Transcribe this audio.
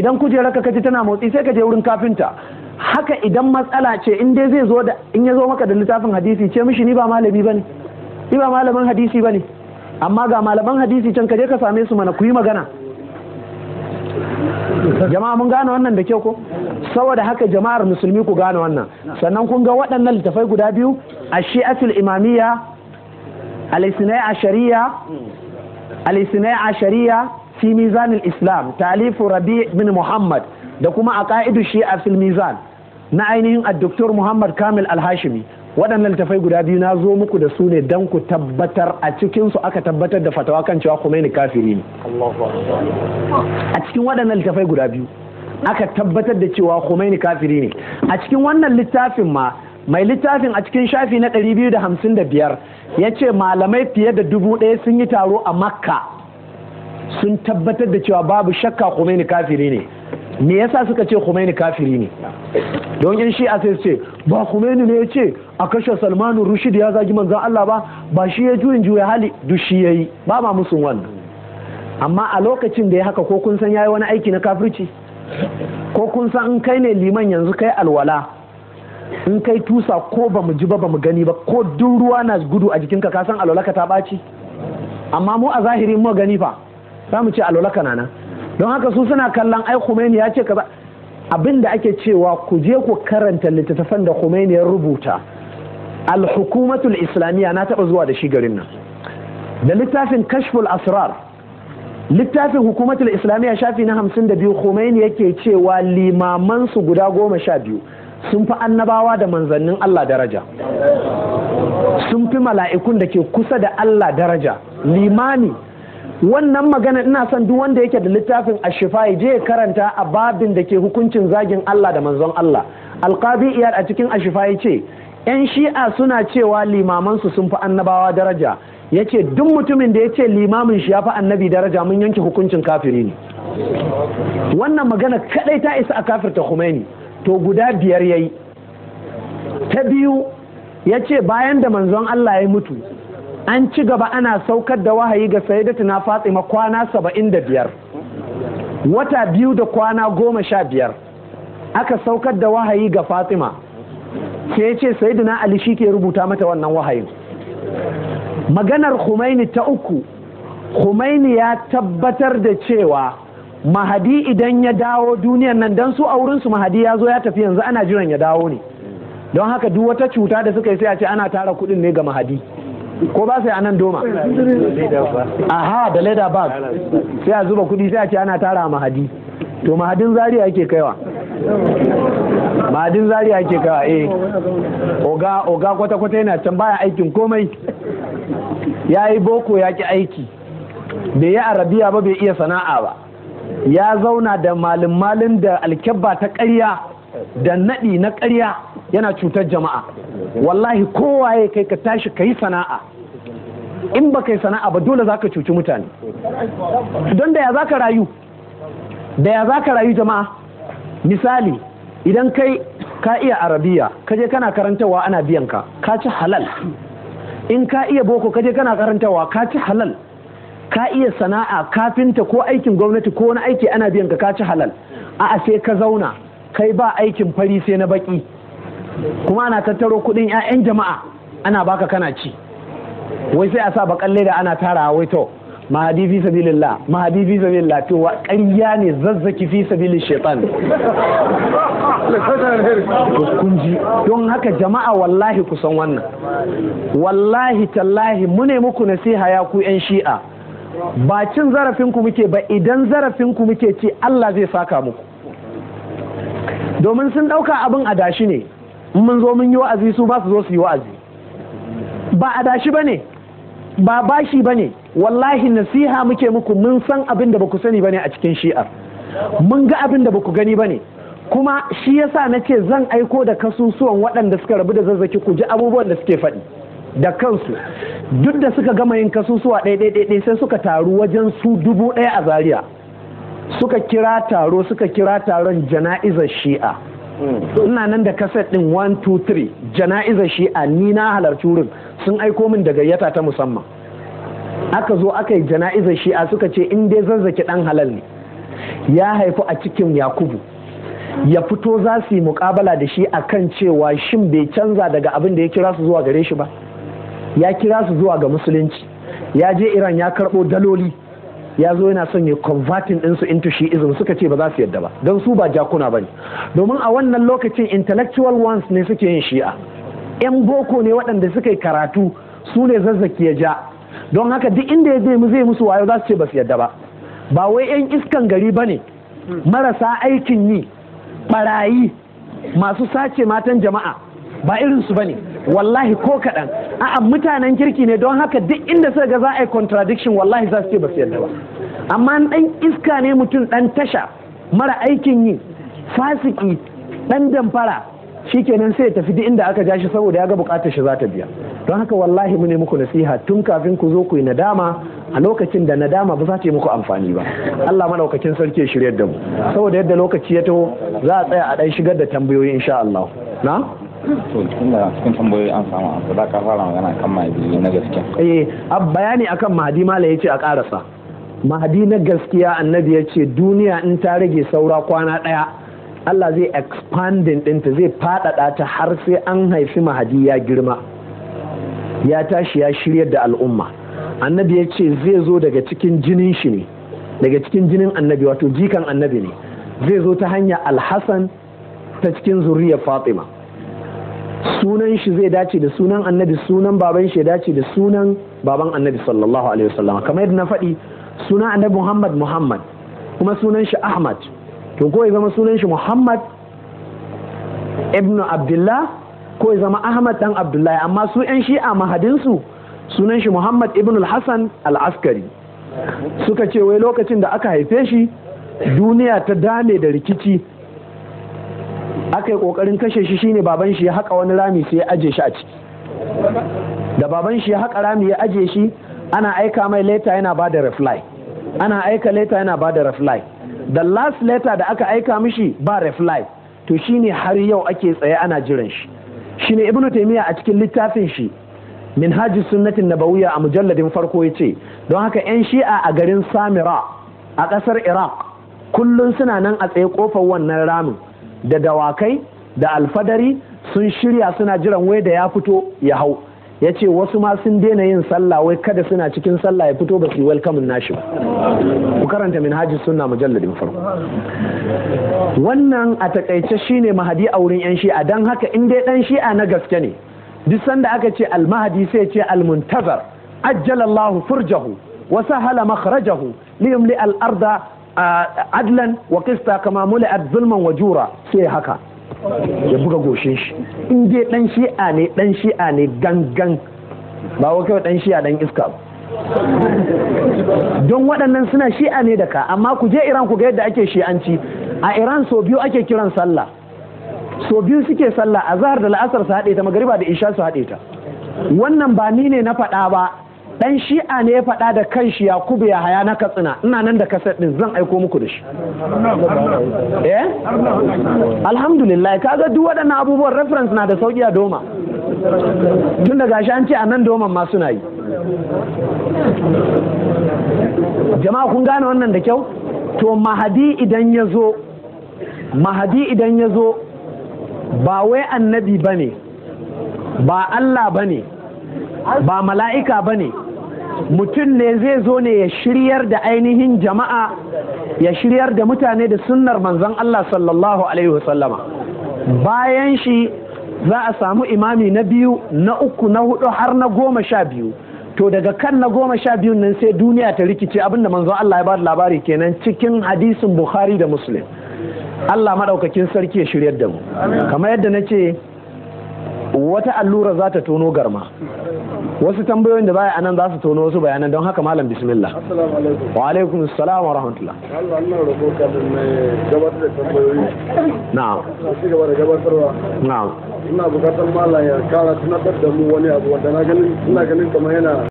idan kujerar ka kaji tana motsi sai ka je wurin kafinta haka idan matsala ce in dai zai zo da in ya zo maka da littafin hadisi ce mishi ni ba malami bane ni ba malamin hadisi bane amma ga malaman hadisi can ka je ka same su mana ku yi magana jama'a mun gane wannan da kyau ko saboda haka jama'ar musulmi ku gane wannan sannan kun ga waɗannan littafai guda biyu a shi'atul imamiyya al-isnai ashariya al-isnai ashariya fi mizan islam talifu rabi bin muhammad da kuma a ka'idu shi a fil mizan na ainihin addoktor muhammad kamil alhashimi waɗannan littafai guda biyu na zo muku da su ne don ku tabbatar a cikinsu aka tabbatar da fatawa kan cewa ni kafiri ne a cikin waɗannan littafai guda biyu aka tabbatar da cewa ni kafiri ne a cikin wannan littafin ma mai littafin a cikin shafi na 255 ya ce malamai fiye da dubu ɗaya sun yi taro a makka sun tabbatar da cewa babu shakka Khomeini kafiri ne me yasa suka ce Khomeini kafiri ne don in shi sai ce ba Khomeini ne ya ce a kashe Salmanu Rushid ya zagi manzan Allah ba ba shi ya juyin juya hali duk shi yayi ba ma musun wannan amma a lokacin da ya haka ko kun san yayi wani aiki na kafirci ko kun san in kai ne liman yanzu kai alwala in kai tusa ko ba mu ji ba ba mu gani ba ko duk ruwa na gudu a jikinka ka san alwala ka ta baci amma mu a zahiri mu gani fa za mu ce alwala kanana don haka su suna kallon ai Khomeini ya ce kaza abin da ake cewa ku je ku karanta littattafan da Khomeini ya rubuta al-hukumatul islamiyya na taba zuwa da shi garin nan da littafin kashful asrar littafin hukumatul islamiyya shafi na hamsin da biyu Khomeini yake cewa limaman su guda goma sha biyu sun fi annabawa da manzannin Allah daraja sun fi mala'ikun da ke kusa da Allah daraja limani wannan magana ina son duk wanda yake da littafin ashifa je ya karanta a babin da ke hukuncin zagin Allah da manzon Allah alqabi iyad a cikin ashifa ya ce yan shi'a suna cewa limamansu sun fi annabawa daraja ya duk mutumin da ya ce limamin shi ya fi annabi daraja mun yanke hukuncin kafiri ne wannan magana kadai ta isa a kafirta Khomeini to guda biyar yayi ta biyu yace bayan da manzon Allah ya mutu an ci gaba ana saukar da wahayi ga na fatsima kwana saba'in da biyar wata biyu da kwana goma sha biyar aka saukar da wahayi ga fatsima. sai ya ce na ali shi ke rubuta mata wannan wahayin maganar Khumaini ta uku Khumaini ya tabbatar da cewa mahadi idan ya dawo duniyan nan don su a aurinsu mahadi ya zo ya tafi yanzu ana jiran ya dawo ne don haka duk wata cuta da suka yi sai a ce ana tara kudin ne ga mahadi ko ba sai anan doma aha da leda bag sai a zuba kudi sai a ce ana tara mahadi to mahadin zariya ake kaiwa mahadin zariya ake kaiwa eh oga oga kwata kwata yana can baya aikin komai ya yi boko ya ki aiki bai yi arabiya ba bai iya sana'a ba ya zauna da malin malin da alkyabba ta ƙarya da naɗi na ƙarya yana cutar jama'a wallahi kowaye kai ka tashi ka yi sana'a in ba yi sana'a ba dole za ka cuci mutane don da ya za ka rayu da ya za ka rayu jama'a misali idan kai ka iya arabiya kaje kana karantawa ana biyan ka ka ci halal in ka iya boko kaje kana karantawa ka ci halal ka iya sana'a kafinta ko aikin gwamnati ko wani aiki ana biyan ka ka ci halal a'a sai ka zauna kai ba aikin fari sai na baki kuma ana tattaro kudin 'ya'yan jama'a ana baka kana ci wai sai a sa bakalle da ana tara wai to mahadi fi sabilillah mahadi fi sabilillah to wa ƙarya ne zazzaki fi sabilin shaitan kunji don haka jama'a wallahi kusan wannan wallahi tallahi mune muku nasiha ya ku yan shi'a ba cin zarafinku muke ba idan zarafinku muke ci Allah zai saka muku domin sun ɗauka abin adashi ne mun zo mun yi wa'azi su ba su zo su yi wa'azi ba adashi ba ne ba bashi ba ne wallahi nasiha muke muku mun san abin da ba sani ba ne a cikin shi'ar mun ga abin da baku gani ba ne kuma shi yasa na ce zan aiko da kasusuwan waɗanda suka rabu da zazzaki ku ji abubuwan da suke faɗi da kansu duk da suka gama yin kasusuwa ɗaya ɗaya ɗaya sai suka taru wajen su dubu ɗaya a zaria suka kira taro suka kira taron jana'izar shi'a hmm. ina nan da kaset din 123 jana'izar shi'a ni na halarci wurin sun aiko min da gayyata ta musamman aka zo aka yi jana'izar shi'a suka ce in dai zazzaki dan halal ne ya haifu a cikin yakubu ya fito za su yi mukabala da shi a kan cewa shin bai canza daga abin da ya kira su zuwa gare shi ba ya kira su zuwa ga musulunci ya je iran ya karɓo daloli ya zo yana son ya convertin ɗinsu into shi'ism suka ce ba za su yadda ba don su ba jakuna ba ne domin a wannan lokacin intellectual ones ne suke yin shi'a yan boko ne waɗanda suka yi karatu su ne zazzaki ya ja don haka duk inda ya zai mu zai musu wayo za su ce ba su yadda ba ba wai yan iskan gari ba ne marasa aikin yi barayi masu sace matan jama'a ba irin su bane wallahi ko kaɗan a'a mutanen kirki ne don haka duk inda suka ga za a yi contradiction wallahi za su ce ba su yarda ba amma dan iska ne mutum ɗan tasha mara aikin yi fasiki ɗan damfara shikenan sai ya tafi duk inda aka ja shi saboda ya ga bukatar shi za ta biya don haka wallahi mu ne muku nasiha tun kafin ku zo ku yi nadama a lokacin da nadama ba za ta yi muku amfani ba Allah madaukakin sarki ya shiryar da mu saboda yadda lokaci ya taho za a tsaya a ɗan shigar da tambayoyi insha Allah na to kan mahadi na gaskiya eh bayani akan mahadi mala yace a karasa mahadi na gaskiya annabi ya ce duniya in ta rage saura kwana ɗaya Allah zai expanding ɗinta zai faɗaɗa ta har sai an haifi mahadi ya girma ya tashi ya shirya da al'umma annabi ya ce zai zo daga cikin jinin shi ne daga cikin jinin annabi wato jikan annabi ne zai zo ta hanya alhassan ta cikin zuriyar fatima sunan shi zai dace da sunan annabi sunan baban shi ya dace da sunan baban annabi sallallahu alaihi wasallam kamar yadda na faɗi sunan annabi muhammad muhammad kuma sunan shi ahmad to ko ya zama sunan shi muhammad ibn abdullah ko ya zama ahmad dan abdullahi amma su yan shi'a mahadinsu sunan shi muhammad ibn al-hasan al-askari suka ce wai lokacin da aka haife shi duniya ta dame da rikici aka yi kokarin kashe shi shine baban shi ya haƙa wani rami sai ya aje shi a ciki da baban shi ya haka rami ya aje shi ana aika mai leta yana ba da reply ana aika leta yana ba da reply the last letter da aka aika mishi ba reply to shine har yau ake tsaye ana jiran shi shine ibnu taymiya a cikin littafin shi minhajus sunnatin nabawiyya a mujalladin farko yace don haka yan shi'a a garin samira a ƙasar iraq kullum suna nan a tsaye kofar wannan ramin da dawakai da alfadari sun shirya suna jiran wai da ya fito ya hau ya ce wasu ma sun daina yin sallah wai kada suna cikin sallah ya fito ba su yi welcome nashi ba ku karanta min hajji sunna mujalladin farko wannan a takaice shine mahadi a wurin yan shi'a dan haka in dai dan shi'a na gaske ne duk sanda aka ce almahadi sai ce almuntazar ajjalallahu furjahu Wasu sahala makhrajahu liyumli al adlan wa kista kama mula'at zulman wa jura sai haka ya buga goshin shi in dai dan shi'a ne dan shi'a ne gangan ba wa kai dan shi'a dan iska don waɗannan suna shi'a ne da ka amma ku je iran ku ga yadda ake shi'anci a iran so biyu ake kiran sallah so biyu suke sallah a zahar da la'asar su haɗe ta magariba da isha su haɗe ta wannan ba ni ne na faɗa ba dan shi'a ne ya faɗa da kan shi yakubu ya haya na katsina ina nan da kasar din zan aiko muku da shi eh alhamdulillah kaga duk waɗannan abubuwan reference na da sauki a doma tun da gashi an ce a nan doman ma suna yi jama'a kun gane wannan da kyau to mahadi idan ya zo mahadi idan ya zo ba wai annabi ba ne ba allah ba ne ba mala'ika ba ne mutum ne zai zo ne ya shiryar da ainihin jama'a ya shiryar da mutane da sunnar manzon Allah sallallahu alaihi wasallama bayan shi za a samu imami na biyu na uku na hudu har na goma sha biyu to daga kan na goma sha biyu nan sai duniya ta rikice abinda manzon Allah ya bada labari kenan cikin hadisin Bukhari da Muslim Allah maɗaukakin sarki ya shiryar da mu kamar yadda na ce wata allura za ta tono garma wasu tambayoyin da baya anan za su tono wasu bayanan don haka malam bismillah wa alaikum assalam wa rahmatullah na'am na'am ina bukatar malam ya kara tunatar da mu wani abu wanda na ganin ina ganin kamar yana